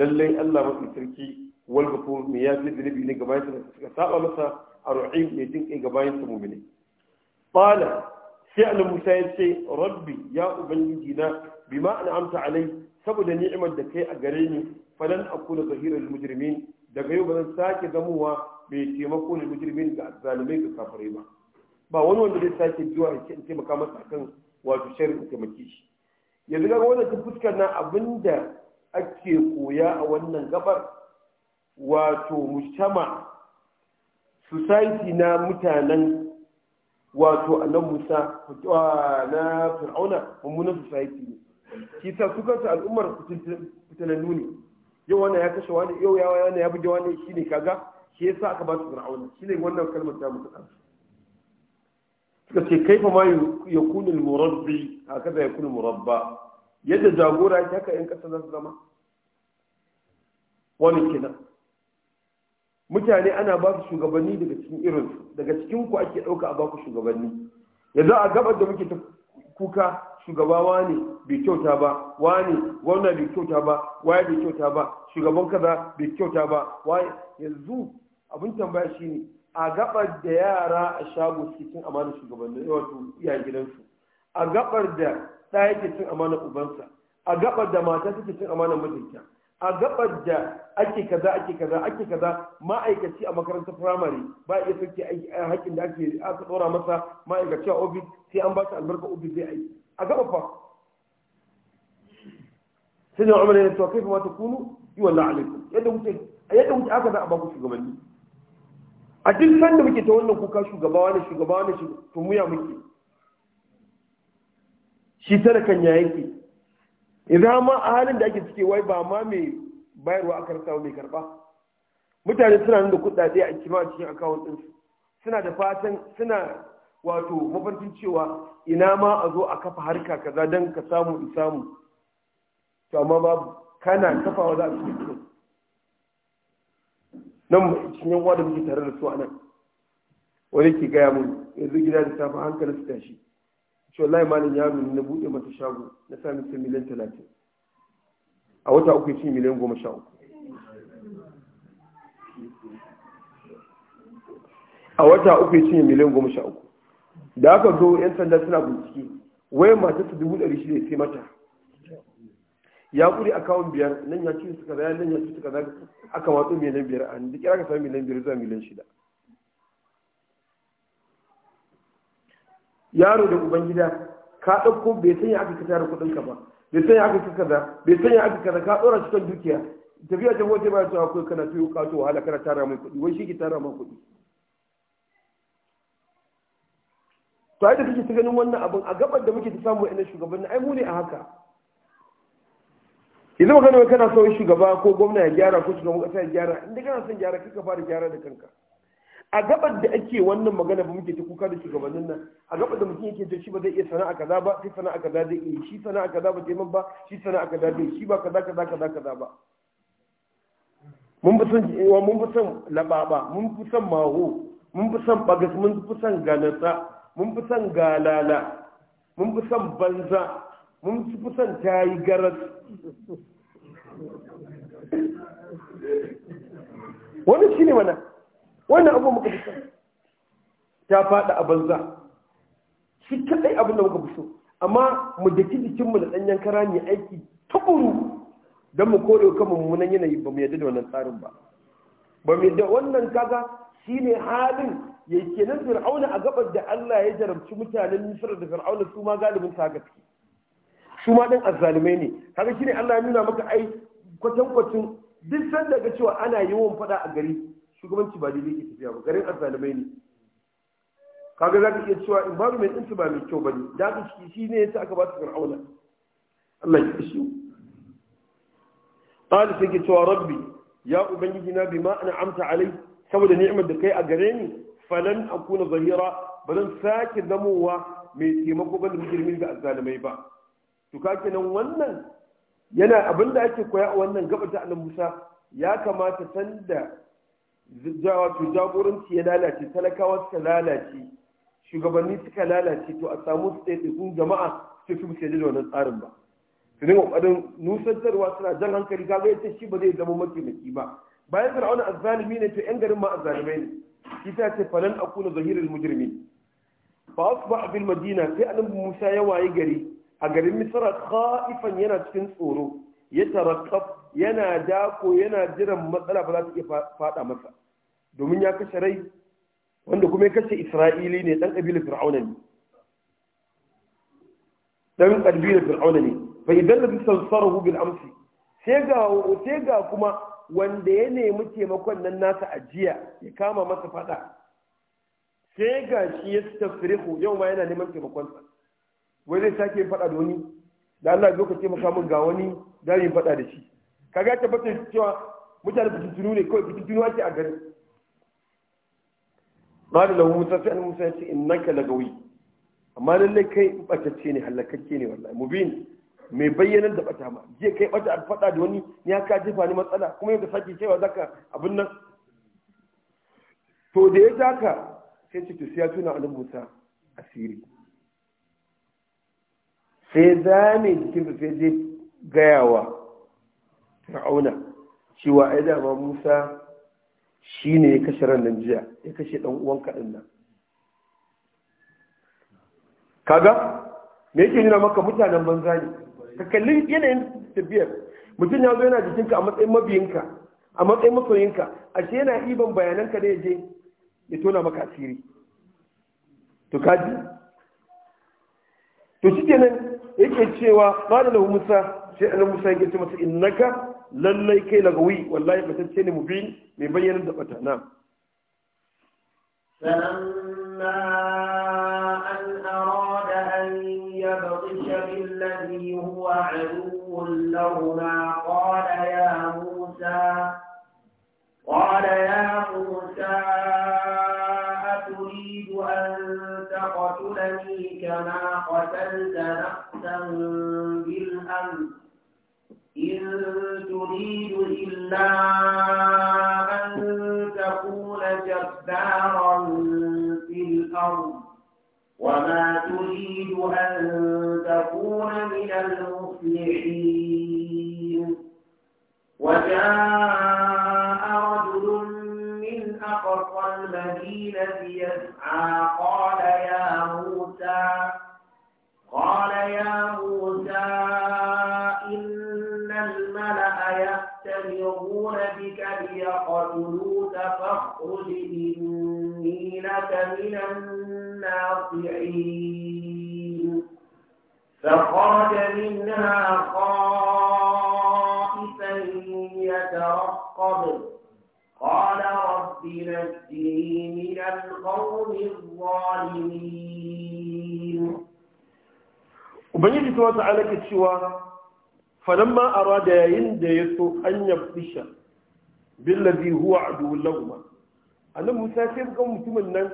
lallai Allah mafi sarki wal ghafur mai fi zunubi ne gabayin sa suka saba masa arhim mai jin kai gabayin sa mu'mini qala sai Allah Musa ya ce rabbi ya ubangiji na bima an'amta alai saboda ni'imar da kai a gare ni falan akuna zahiral mujrimin daga yau ba zan sake zamowa bai taimako ne mujrimin ga zalimai ga kafirai ba ba wani wanda zai sake zuwa ya taimaka masa akan wato ta taimake shi yanzu ga wannan ta fuskar nan abinda ake koya a wannan gabar wato mujtama society na mutanen wato annan musa na fir'auna mummunan society ne shi sa su kanta al'ummar fitanannu ne yau wannan ya kashe wani yau ya wani ya buge wani shine kaga shi yasa aka ba su fir'auna shine wannan kalmar ta mutu suka ce kai fa ma ya kuni murabbi haka da ya kuni murabba yadda jagora ya haka yan kasa zasu zama wani kenan mutane ana ba su shugabanni daga cikin irinsu daga cikin ku ake ɗauka a ba ku shugabanni yanzu a gabar da muke ta kuka shugaba wani bai kyauta ba wani gwamna bai kyauta ba waye bai kyauta ba shugaban kaza bai kyauta ba waye yanzu abin tambaya shine a gabar da yara a shago suke cin amana shugabanni wato iyayen gidansu a gabar da ɗa yake cin amana ubansa a gabar da mata take cin amana mijinta a gabar da ake kaza ake kaza ake kaza ma'aikaci a makarantar firamare ba iya sauke eh, hakkin da ake aka ɗora masa ma'aikaci a ofis sai an ba shi albarka ofis zai aiki a gabar fa sai da umar yana cewa kai fa ta kunu yi wallahi alaikum yadda kuke yadda kuke aka za a ba ku shugabanni a duk sanda muke ta wannan kuka shugaba wani shugaba wani to muya muke shi kan ya yake idan ma a halin da ake cike wai ba ma mai bayarwa aka rasa mai karba mutane suna nan da kuɗaɗe a kima a cikin akawun ɗinsu suna da fatan suna wato mafarkin cewa ina ma a zo a kafa harka kaza don ka samu isamu to amma babu kana kafawa za a cikin nan cikin yan uwa da muke tare da su a nan wani ke gaya mun yanzu gida da safa hankalin su tashi shi wallahi malin yaro na buɗe mata shago na sami ta miliyan talatin a wata uku ya miliyan goma sha uku a wata uku shi miliyan goma sha uku da aka zo yan sanda suna bincike wai matar su dubu ɗari ne sai mata ya kuri akawun biyar nan ya ci suka zaya nan ya ci suka zaya aka watsu miliyan biyar a duk ka sami miliyan biyar zuwa miliyan shida yaro da ubangida ka ɗauko bai sanya aka kasa tara kuɗinka ba bai sanya aka kasa kaza bai sanya aka kaza ka ɗora cikin dukiya tafiya ta wata ba ta akwai kana tuyo ka to wahala kana tara mai kuɗi wai shi ke tara mai kuɗi to ai da kake ta ganin wannan abin a gaban da muke ta samu ina shugabanni ai mu ne a haka yanzu magana wai kana son shugaba ko gwamna ya gyara ko shugaban kasa ya gyara inda kana son gyara kika fara gyara da kanka a gabar da ake wannan magana ba muke ta kuka da shugabannin nan a gabar da mutum yake ta shi ba zai iya sana'a kaza ba sai sana'a kaza zai iya shi sana'a kaza ba zai ba shi sana'a kaza zai shi ba kaza kaza kaza kaza ba mun fi son wa mun fi son lababa mun fi son maho mun fi son bagas mun fi son ganasa mun fi son galala mun fi son banza mun ci fusan ta yi garas wani shi ne mana wani abu muka fi ta fada a banza shi kadai abin da muka so amma mu daki jikinmu da ɗanyen kara ne aiki tukuru don mu kore kan mummunan yanayi ba mu yadda da wannan tsarin ba ba mu yadda wannan kaga shine halin yake kenan fir'auna a gabar da Allah ya jarabci mutanen Misr da fir'auna su ma galibin ta su ma ɗin azzalumai ne kaga shine Allah ya nuna maka ai kwatankwacin duk sanda ga cewa ana yawan fada a gari shugabanci ba daidai ke tafiya ba garin azzalumai ne kaga za ka iya cewa in environment mai su ba mai kyau bane da ka shi shine yasa aka ba su fir'auna Allah ya kishi qala sai ke cewa rabbi ya ubangiji na bima amsa alai saboda ni'imar da kai a gare ni falan akuna zahira ba zan sake zamowa mai taimako ban da mujirmin ga azzalumai ba to kenan wannan yana abin da ake koya a wannan gaba ta Musa ya kamata da wato jagoranci ya lalace talakawa suka lalace shugabanni suka lalace to a samu su ɗaiɗaikun jama'a sai su bisa da wannan tsarin ba su dinga ƙoƙarin nusantarwa suna jan hankali kaga yace shi ba zai zama mataimaki ba bayan fir'auna azzalimi ne to yan garin ma azzalimai ne shi ta ce falan akuna zahirul mujrimin fa asbaha bil madina sai annabi Musa ya wayi gari a garin misra khaifan yana cikin tsoro ya tarakkab yana dako yana jiran matsala ba za ta iya fada masa domin ya kashe rai wanda kuma ya kashe isra'ili ne dan kabilar fir'auna ne dan kabilar fir'auna ne fa idan da sansarahu bil amsi sai ga sai ga kuma wanda ya nemi taimakon nan nasa ajiya ya kama masa fada sai ga shi ya tafrihu yau ma yana neman taimakon sa wai zai sake yin faɗa da wani da Allah zo ka taimaka min ga wani da yin faɗa da shi kaga ya tabbatar cewa mutane tunu ne kawai tunu ake a gari qala lahu musa sai musa ya ce innaka lagawi amma lallai kai batacce ne halakakke ne wallahi mubin mai bayyana da bata ma je kai bata a faɗa da wani ya ka jefa ni matsala kuma yau da sake cewa zaka abin nan to da ya zaka sai ce to sai ya tuna annabi musa asiri sai mai jikin sai zai gaya wa fir'auna cewa ai dama musa shi ne ya kashe ran jiya ya kashe ɗan uwanka ɗin nan kaga me yake nuna maka mutanen banza ne ka kalli yanayin tafiyar mutum ya zo yana jikinka a matsayin mabiyinka a matsayin masoyinka A ce yana iban bayananka da ya je ya tona maka asiri to kaji to shi kenan yake cewa malala musa sai annabi musa yake ce masa innaka lallai kai lagawi wallahi batacce ne mubin mai bayyana da bata na فلما أن أراد أن يبطش بالذي هو عدو لهما قال يا موسى قال يا موسى أتريد أن تقتلني كما قتلت نفسا رؤوسا بالأمس إن تريد إلا ubangiji ta wata alaka cewa fadan ma a da yayin da ya so an fisha billazi huwa Laguma. A nan musa sai ga mutumin nan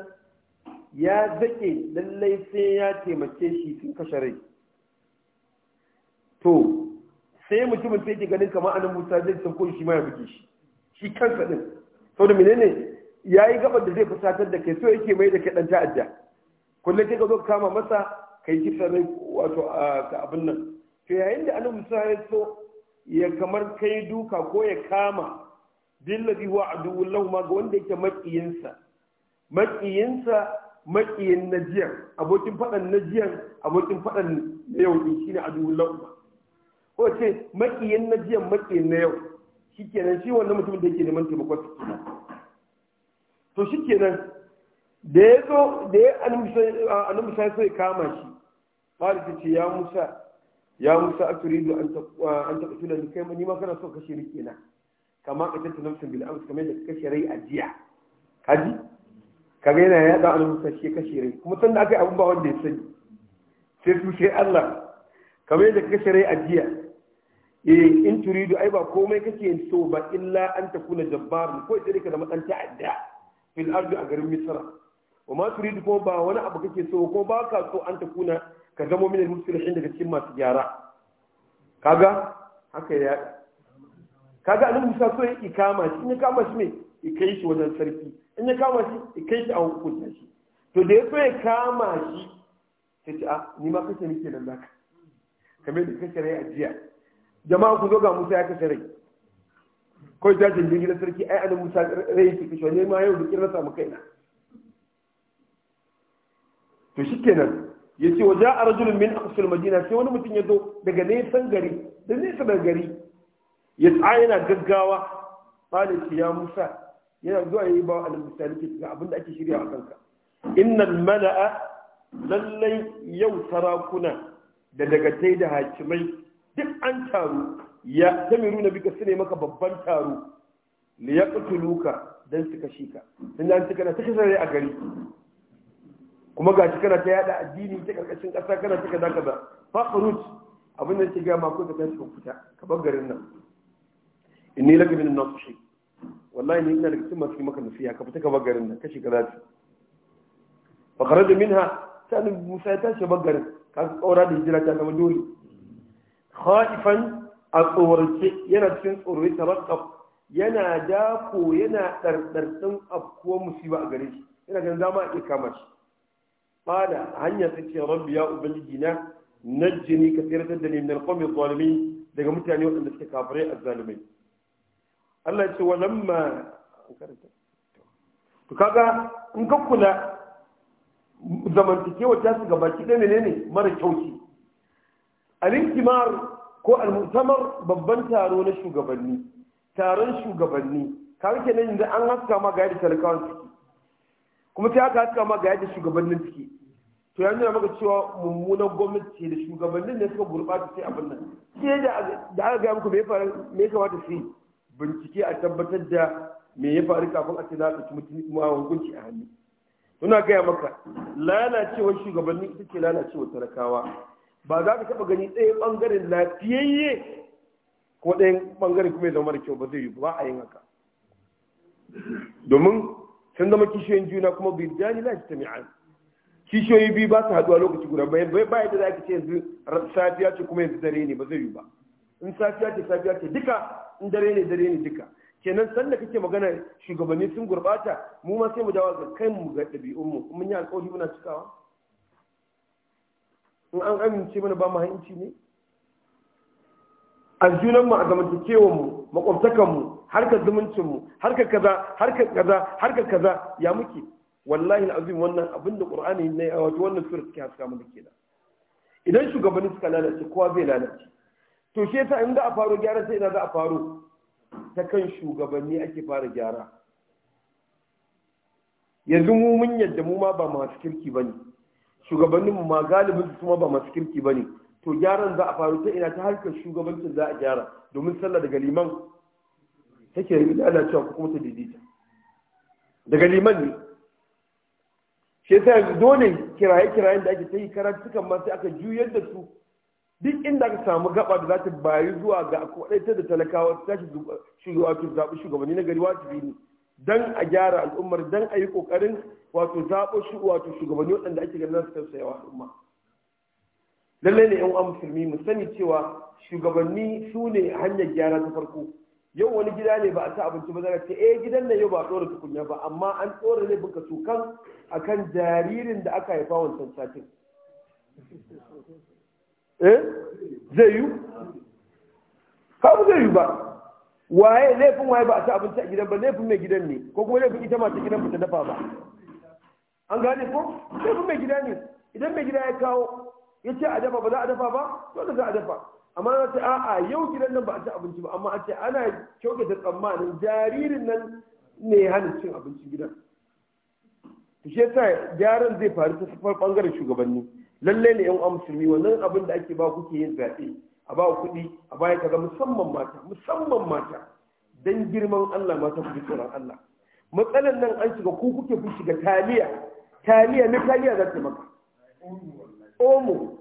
ya zake lallai sai ya taimake shi tun kashe rai to sai mutumin sai ke ganin kamar anan musa zai sauko shi ma ya buge shi shi kansa din da menene yayi gaban da zai fusatar da kai so yake mai da kai dan ta'adda kullum kai ka zo kama masa kai kisa ne wato a abin nan to yayin da annabi musa ya so ya kamar kai duka ko ya kama dillazi huwa aduwwul lahu ma ga wanda yake makiyinsa makiyinsa makiyin najiyar abokin fadan najiyar abokin fadan na yau din shine aduwwul lahu ko ce makiyin najiyar makiyin na yau shikenan shi wannan mutumin da yake neman taimako kenan to shikenan da ya zo da ya annabi sai ya kama shi qala ta ce ya musa ya musa Turidu an an taqtula ni kai ni ma kana so kashe ni kenan kama ka tantance nafsin bil amsi kamar da kashe rai a jiya kaji kaga yana ya da musa shi kashe rai kuma tunda akai abun ba wanda ya sani sai su sai Allah kamar da kashe rai a jiya eh in turidu ai ba komai kake so ba illa an takuna jabbar ko idan ka zama dan ta'adda fil ardi a garin misra wa ma turidu ko ba wani abu kake so ko ba ka so an takuna ka zama min al-muslimin daga cikin masu gyara kaga haka ya kaga annabi Musa so ya ikama shi in ya kama shi ne? ikai shi wajen sarki in ya kama shi ikai shi a hukunta shi to da ya so ya kama shi sai ce a ah, ni ma kashe nake nan zaka kamar da kashe rai a jiya jama'a ku zo ga Musa ya kashe rai kawai jajin jirgin na sarki ai annabi Musa rai yake kashe ne ma yau da kirasa mu kaina to shikenan yace wa ja'a rajulun min aqsal madina sai wani mutum ya zo daga nesan gari da nesa daga gari ya yana gaggawa qala shi ya musa yana zuwa yayi ba al misali ga abin da ake shirya a kanka innal mala'a lallai yau sarakuna da dagatai da hakimai duk an taru ya tamiru na bika su maka babban taro ya yaqtuluka dan su kashe ka dan an tuka ta kashe a gari kuma gashi kana ta yada addini ta karkashin kasa kana ta kaza kaza khuruj abin da ke ga ma ko ka tashi ka fita ka bar garin nan inni laka min nasihi wallahi ni ina da kuma masu maka nasiha ka fita ka bar garin nan ka kaza zafi fa kharaja minha sanin musa ta shi bar garin ka tsora da hijira ta zama dole khaifan a tsorace yana cikin tsoro ya tabakkaf yana ko yana ɗarɗarɗin afkuwar musiba a gare shi yana ganin zama iya kama shi قال hanya sai ce rabbi ya نجني na najjini ka القوم da ni min alqawmi zalimin daga mutane waɗanda suke kafirai azzalimai Allah ya ce walamma to kaga in ka kula zamantakewa ta su mara kyauci al-intimar ko al-mu'tamar babban taro na shugabanni taron shugabanni kawai kenan yanzu an haska ma ga yadda talakawan kuma sai aka haka ma ga yadda shugabannin suke to ya nuna maka cewa mummunan gwamnati da shugabannin ne suka gurɓata sai abin nan sai da aka gaya muku me me kamata su bincike a tabbatar da me ya faru kafin a ce za a ɗauki hukunci a hannu Suna gaya maka lalacewar shugabanni ita ce lalacewar tarakawa. ba za ka taɓa gani ɗaya ɓangaren lafiyayye ko ɗayan ɓangaren kuma ya zama da kyau ba zai yi ba a yin haka domin sun zama kishiyoyin juna kuma bai jani la jitami'an kishiyoyi biyu ba su haduwa lokaci guda bayan bai ba da zaki ce yanzu safiya ce kuma yanzu dare ne ba zai yi ba in safiya ce safiya ce duka in dare ne dare ne duka kenan sanda kake magana shugabanni sun gurbata mu ma sai mu dawo ga kai mu ga ɗabi'un mu mun yi alƙawari muna cikawa in an amince mana ba mu hanci ne a junan mu a zamantakewan mu makwabtakanmu harkar zumuncinmu harkar kaza harkar kaza harkar kaza ya muke wallahi azim wannan abin da qur'ani ne ya wato wannan sura take haska mana da idan shugabanni suka lalace kowa zai lalace to shi yasa in za a faro gyara sai ina za a faro ta kan shugabanni ake fara gyara yanzu mu mun yadda mu ma ba masu kirki bane shugabannin mu ma galibin su ma ba masu kirki bane to gyaran za a faru ta ina ta harkar shugabancin za a gyara domin sallah daga liman take ana cewa kuma ta daidaita daga liman ne shi yasa dole kiraye-kirayen da ake ta yi karantukan ma sai aka juyar da su duk inda aka samu gaba da za ta bayi zuwa ga kwadaitar da talakawa ta shi zaɓi shugabanni na gari wata ne dan a gyara al'ummar dan a yi ƙoƙarin wato zaɓo wato shugabanni waɗanda ake ganin su tausayawa al'umma lallai ne yan musulmi mu sani cewa shugabanni su ne hanyar gyara ta farko yau wani gida ne ba a ta abinci ba zaka ce eh gidan nan yau ba a tsora tukunya ba amma an tsora ne buka tukan akan jaririn da aka haifa wancan satin eh zai yi kawo zai yi ba waye laifin waye ba a ta abinci a gidan ba laifin mai gidan ne ko kuma laifin ita ta gidan ba ta dafa ba an gane ko laifin mai gida ne idan mai gida ya kawo ya ce a dafa ba za a dafa ba dole za a dafa amma na ce a'a yau gidan nan ba a ci abinci ba amma a ce ana da tsammanin jaririn nan ne hana cin abincin gidan to shi yasa gyaran zai faru ta safar bangaren shugabanni lallai ne yan uwa musulmi wannan abin da ake ba kuke yin zaɓe a ba kuɗi a baya kaga musamman mata musamman mata dan girman Allah mata ku tsoron Allah matsalan nan an shiga ku kuke ku shiga taliya taliya na taliya za maka omo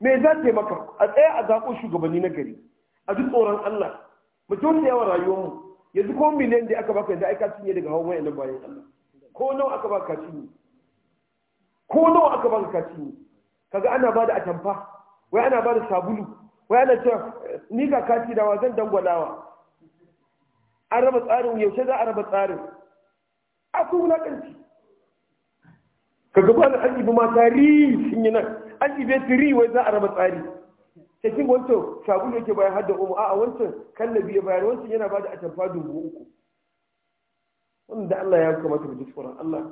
me za ta maka a tsaye a zaƙo shugabanni na gari a duk tsoron Allah mu yawa rayuwar rayuwarmu yanzu ko miliyan da aka baka yanzu aika cinye daga hawan wayan bayan Allah ko nawa aka baka cinye ko nawa aka baka cinye kaga ana bada atamfa wai ana bada sabulu wai ana cewa ni ka kaci dawa zan dangwalawa an raba tsarin yaushe za a raba tsarin akwai wulaƙanci ka gaba da an ibi ma tari sun yi nan an tiri wai za a raba tsari cikin wancan sabulu yake bayan hadda umu a'a wancan kallabi ya bayar wancan yana da a tamfa dubu uku wannan da Allah ya kamata mu ji tsoron Allah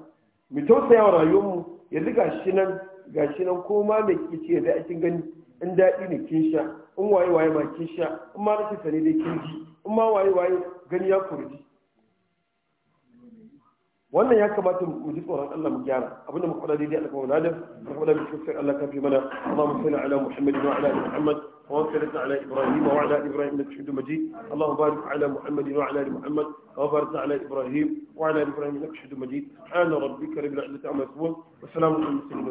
mu tausaya wa rayuwarmu ya ga shi nan ga shi nan ko ma mai kici ya a kin gani in daɗi ne kin sha in waye waye ma kin sha in ma rashin sane dai kin ji in ma waye waye gani ya kurji wannan ya kamata mu ji tsoron Allah mu gyara abinda mu faɗa daidai alƙawarin nadar mu faɗa mu cikin Allah kafi mana Allahumma salli ala Muhammad wa ala ali Muhammad wa salli ala Ibrahim wa ala Ibrahim innaka Allahumma barik ala Muhammad wa ala Muhammad wa barik ala Ibrahim wa ala Ibrahim innaka Hamidum wa salamun